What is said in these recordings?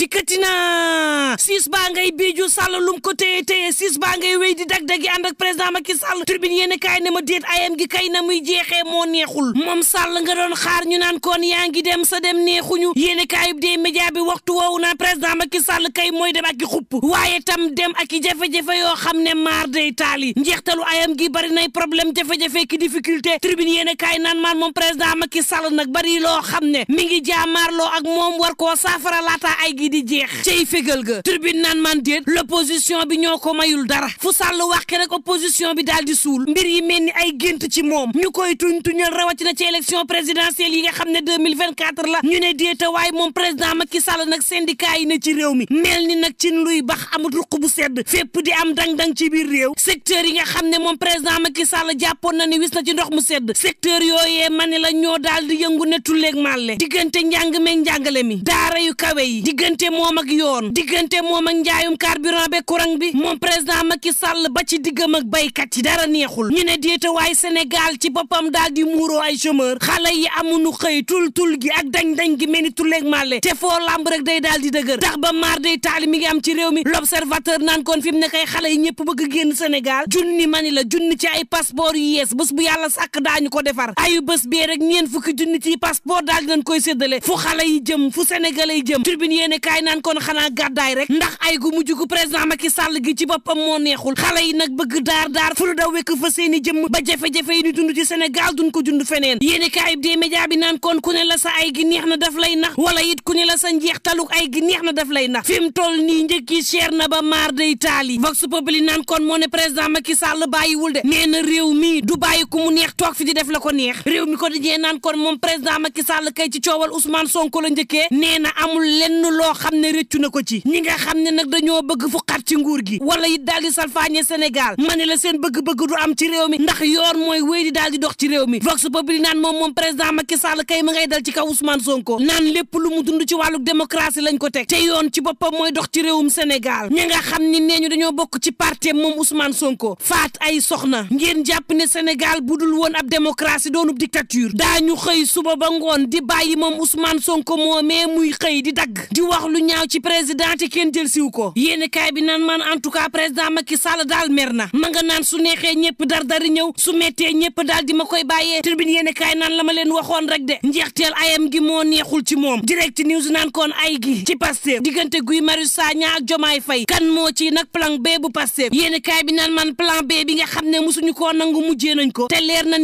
dikkati na siis baa ngay biiju sàll lum ko téye téye siis baa ngay wéy di dag-dagi ànd ak président Macky Sall tribune yéen kaay ne ma déet ayam gi kay na muy jeexee moo neexul moom Sall nga doon xaar ñu naan koon yaa ngi dem sa dem neexuñu yéen kaayub dee média bi waxtu woowu naan président Macky Sall kay mooy dem ak i xupp waaye tam dem ak i jafe-jafe yoo xam ne maar day taali njeextalu ayam gi bari nay problème jafe-jafe ki difficulté tribune yéen kaay naan maan moom président Macky Sall nag bari loo xam ne mi ngi jaamaarloo ak moom war koo laata ay gi gi di jeex cay fégal ga tribune naan man déet l'opposition bi ñoo ko mayul dara fu sàll waxke rek opposition bi daal di suul mbir yi mel ni ay gént ci moom ñu koy tuñ tuñal rawatina ci élection présidentielle yi nga xam ne 2024 la ñu ne déet waaye moom président Macky Sall nag syndicat yi ne ci réew mi mel ni nag cin luy bax amul ruq bu sedd fépp di am dang-dang ci biir réew secteur yi nga xam ne moom président Macky Sall jàppoon na ni wis na ci ndox mu sedd secteur yooyee ma ne la ñoo daal di yëngu ne tulleeg màlle diggante njàng meeg njàngale mi diggante moom ak yoon diggante moom ak njaayum carburant be courant bi moom président Macky Sall ba ci diggam mag baykat yi dara neexul ñu ne déetawaay Sénégal ci boppam daal di muuroo ay chômeur xale yi amuñu xëy tul tul gi ak dañ-dañ gi mel ni tulleeg màlle te foo rek day daal di dëgër tax ba maar day taali mi ngi am ci réew mi l'observateur naan kon fi mu ne kay xale yi ñëpp bëgg génn Sénégal junni mani la junni ci ay passeport yu yees bés bu yàlla sàkk daañu ko defar ayu bés bee rek ñeen fukki junni ci passeport daal di nañ koy séddale fu xale yi jëm fu sénégalais ay jëm tribune yéene ay naan kon xanaa gàddaay rek ndax ay gu mujj gu président Macky Sall gi ci boppam moo neexul xale nag bëgg daar daar fu daw wekk fa seeni i jëmm ba jafe yi ñu dund ci Sénégal duñ ko dund feneen yéen i kaay bi média bi naan kon ku ne la sa ay gi neex na daf lay nax wala it ku ne la sa njeextaluk ay gi neex na lay nax fi mu toll nii njëkk yi na ba maar day taali vox populi naan kon moo ne président Macky Sall bàyyiwul de nee na réew mi du bàyyi ku mu neex toog fi di def la ko neex réew mi ko dijee naan kon moom président Macky Sall kay ci coowal Ousmane Sonko la njëkkee nee amul lenn loo xam ne rëccu na ko ci ñi nga xam ne nag dañoo bëgg fu xat ci nguur gi wala it daal di salfaañe Sénégal ma ne la seen bëgg-bëgg du am ci réew mi ndax yoon mooy wéy di daal di dox ci réew mi vox populi naan moom moom président ma Sall kay ma ngay dal ci kaw Ousmane Sonko naan lépp lu mu dund ci wàllu démocratie lañ ko teg te yoon ci boppam mooy dox ci réewum Sénégal ñi nga xam ni nee ñu dañoo bokk ci parti moom Ousmane Sonko faat ay soxna ngeen jàpp ne Sénégal bu dul woon ab démocratie doonub dictature daañu xëy suba ba di bàyyi moom Ousmane Sonko moomee muy xëy di dagg lu ñaaw ci président te kenn jël ko yéen kaay bi naan man en président Macky daal mer na ma nga naan su neexee ñëpp dar dari ñëw su mettee ñëpp daal di ma koy bàyyee tribune yéen kaay la ma leen waxoon rek de njeexteel ayam gi moo neexul ci moom direct news naan B bu Pastef yéen kaay bi naan man plan B bi nga xam ne musuñu koo nangu mujjee nañ ko te leer na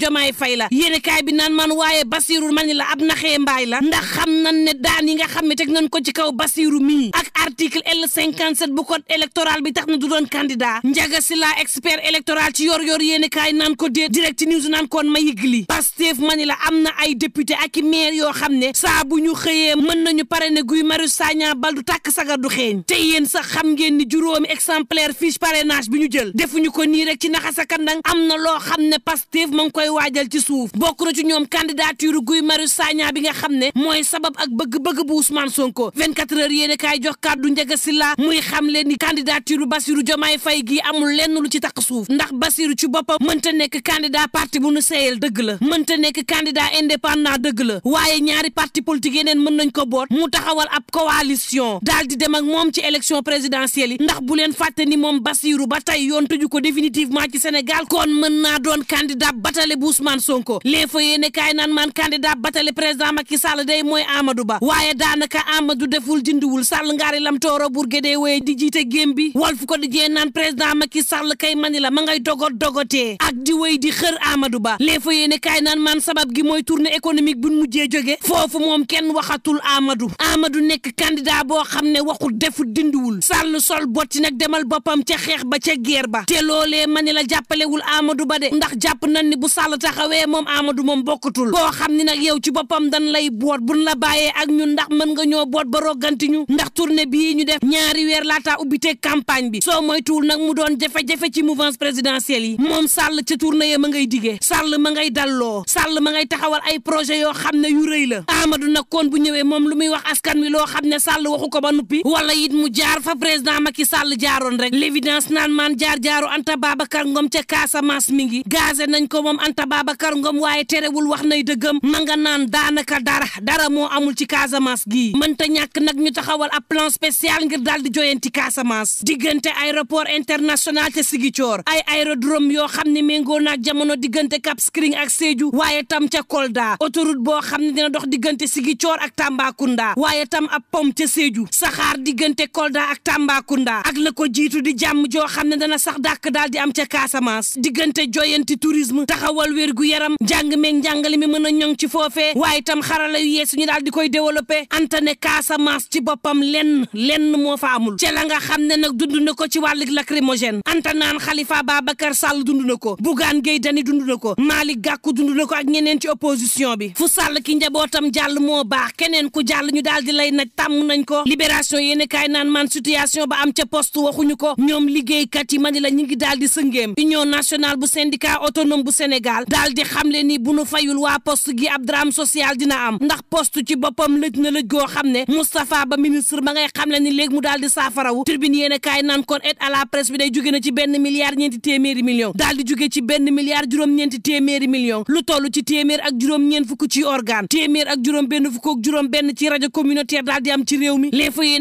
Jomaay Faye la yéen kaay bi naan man waaye Bassirou man la ab mbaay la ndax xam nan ne daan nga xam ne ko ci kaw Basiru mii ak article L57 bu code électoral bi tax na du doon candidat Njaga Sila expert électoral ci yor yor yéen kaay naan ko déet direct naan koon ma yëgli Pastef ma ni la am na ay député ak i maire yoo xam ne saa bu ñu xëyee mën nañu pare ne Guy Marius Sagna bal du tàkk sagar du xeeñ te yéen sax xam ngeen ni juróomi exemplaire fiche parrainage bu ñu jël defuñu ko nii rek ci naxasa kandang am na loo xam ne Pastef ma ngi koy waajal ci suuf bokku na ci ñoom candidature Guy Marius Sagna bi nga xam ne mooy sabab ak bëgg-bëgg bu Ousmane Sonko ko 24 heures yéen a kaay jox kàddu Ndiaga Sylla muy xam leen ni candidature Bassirou Diomaye Faye gi amul lenn lu ci takk suuf ndax Bassirou ci boppam mënta nekk candidat parti bu nu seeyal dëgg la mënta nekk candidat indépendant dëgg la waaye ñaari parti politique yeneen mën nañ ko boot mu taxawal ab coalition daal di dem ak moom ci élection présidentielle yi ndax bu leen fàtte ni moom Bassirou ba tey yoon tëju ko définitivement ci Sénégal koon mën naa doon candidat batale bu Ousmane Sonko léeg fa yéene kaay naan maan candidat batale président Macky Sall day mooy Amadou Ba waaye daanaka Amadou du deful dindiwul sàll ngaari lam tooro bur gédee wooye di jiite gém bi Walf Quotidien naan président Macky Sall kay mani la ma ngay dogot dogotee ak di wéy di xër Amadou Ba les fa yéene kaay naan man sabab gi mooy tournée économique bu mujjee joge foofu moom kenn waxatul Amadou Amadou nekk candidat boo xam ne waxul deful dindiwul sàll sol boot botti nag demal boppam ce xeex ba ca guerre ba te loolee mani la jàppalewul Amadou Ba de ndax jàpp nañ ni bu sàll taxawee moom Amadou moom bokkatul xam ni nag yow ci boppam dan lay boot la bàyyee ak ñun ndax mën nga ba roganti ñu ndax turne bii ñu def ñaari weer laataa ubbite campagne bi soo moytuwul nag mu doon jafe-jafe ci mouvance présidentielle yi moom Sall ca tournée ya ma ngay digee Sall ma ngay dalloo Sall ma ngay taxawal ay projet yoo xam ne yu rëy la Amadou nag kon bu ñëwee moom lu muy wax askan wi loo xam ne Sall waxu ko ba nuppi wala it mu jaar fa président Macky Sall jaaroon rek l'évidence naan maan jaar jaaru Anta Babacar Ngom ca Casamance mi ngi gazé nañ ko moom Anta Babacar Ngom waaye terewul wax nay dëggam ma nga naan daanaka dara dara moo amul ci Casamance gii ñàkk nag ñu taxawal ab plan spécial ngir daal di joyanti Casamance diggante aéroport international te Ziguinchor ay aérodrome yoo xam ne méngoo naag jamono diggante Cap Skirring ak Sédhiou waaye tam ca Kolda autoroute boo xam ne dina dox diggante Ziguinchor ak Tambacounda waaye tam ab pom ca Sédhiou saxaar diggante Kolda ak Tambacounda ak la ko jiitu di jàmm joo xam ne dana sax dàkk dal di am ca Casamance diggante joyanti tourisme taxawal wér gu yaram njàng meeg njàngale mi mën a ñoŋ ci foofee waaye tam xarala yu yees di koy Casamance ci boppam lenn lenn moo faamul amul ca la nga xam ne nag dund na ko ci wàllug lacrymogène anta naan Khalifa Babacar Sall dund na ko Bougane Gueye Dany dund na ko Malick Gakou dund na ko ak ñeneen ci opposition bi fu Sall ki njabootam jàll moo baax keneen ku jàll ñu daal di lay nag tàmm nañ ko libération yéen kaay naan man situation ba am ca poste waxuñu ko ñoom liggéeykat yi ma la ñu ngi daal di sëngeem union nationale bu syndicat otonom bu Sénégal daal di xamle ni bu nu fayul waa poste gi ab drame social dina am ndax poste ci boppam lëj na lëj goo xam Moustapha Ba ministre ba ngay xam le ni léegi mu daal di saafarawu tribune yéen a kaay naan kon aide à la presse bi a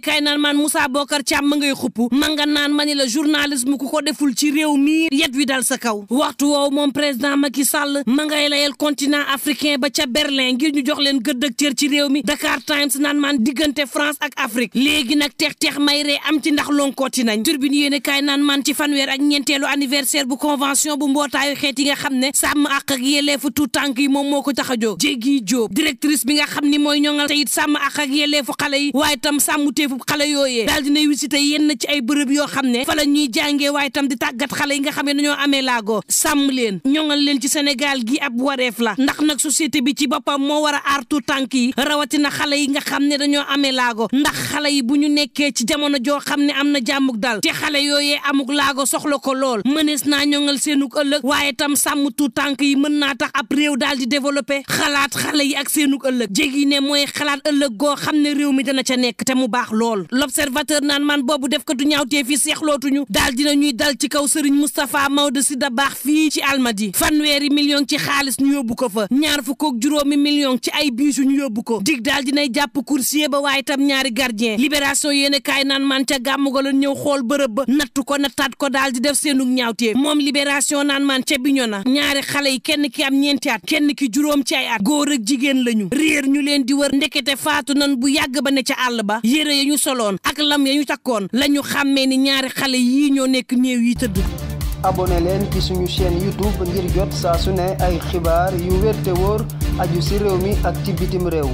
kaay naan maan Moussa Bokar Thiam ma ngay xupp ma nga naan ma ni la journalisme ku ko deful ci réew mi yet wi dal sa waxtu woowu moom président Macky Sall ma ngay layel continent ba ca Berlin ngir ñu jox leen gëdd ak ci réew mi Dakar Times naan maan digg diggante France ak Afrique léegi nag teex teex may ree am ci ndax lonkooti nañ turbine yéene kaay naan man ci fanweer ak ñeenteelu anniversaire bu convention bu mbootaayu xeet yi nga xam ne sàmm àq ak yelleefu tuut tànk yi moom moo ko tax a jóg jéggi bi nga xam ni mooy ñoŋal te it sàmm àq ak yelleefu xale yi waaye tam sàmmuteefu xale yooyee daal dinay visité yenn ci ay bërëb yo xam ne fa la ñuy jàngee waaye tam di tàggat xale yi nga xam ne dañoo amee laago sàmm leen ñoŋal leen ci Sénégal gi ab wareef la ndax nag société bi ci boppam moo war a aar tuut yi rawatina ñoo amee laago ndax xale yi bu ñu nekkee ci jamono joo xam ne am na jàmmuk dal te xale yooyee amuk laago soxla ko lool mënees naa ñoŋal seenuk ëllëg waaye tam sàmm tuut tànk yi mën naa tax ab réew daal di développé xalaat xale yi ak seenuk ëllëg jégi ne mooy xalaat ëllëg goo xam ne réew mi dana ca nekk te mu baax lool l'observateur naan man boobu def ko du ñaawtee fi seexlootuñu daal dina ñuy dal ci kaw sëriñ Moustapha Maodo Sy si da baax fii ci xaalis ñu yóbbu ko fa million ci ay yóbbu ko dig daal dinay jàpp coursier ba waaye tam ñaari gardien libération yéen naan man ca gàmmu ga la ñëw xool bërëb ba nattu ko nattaat ko daal di def seenu ñaawteef moom libération naan man ca na ñaari xale yi kenn ki am ñeenti at kenn ki juróom ci ay at góor ak jigéen lañu réer ñu leen di wër ndekete faatu nan bu yàgg ba ne ca àll ba yére ya ñu soloon ak lam ya ñu takkoon la ñu xàmmee ni ñaari xale yii ñoo nekk néew yi tëdd abonné leen ci suñu chaîne youtube ngir jot saa su ne ay xibaar yu wér te wóor mi ak ci bitim réew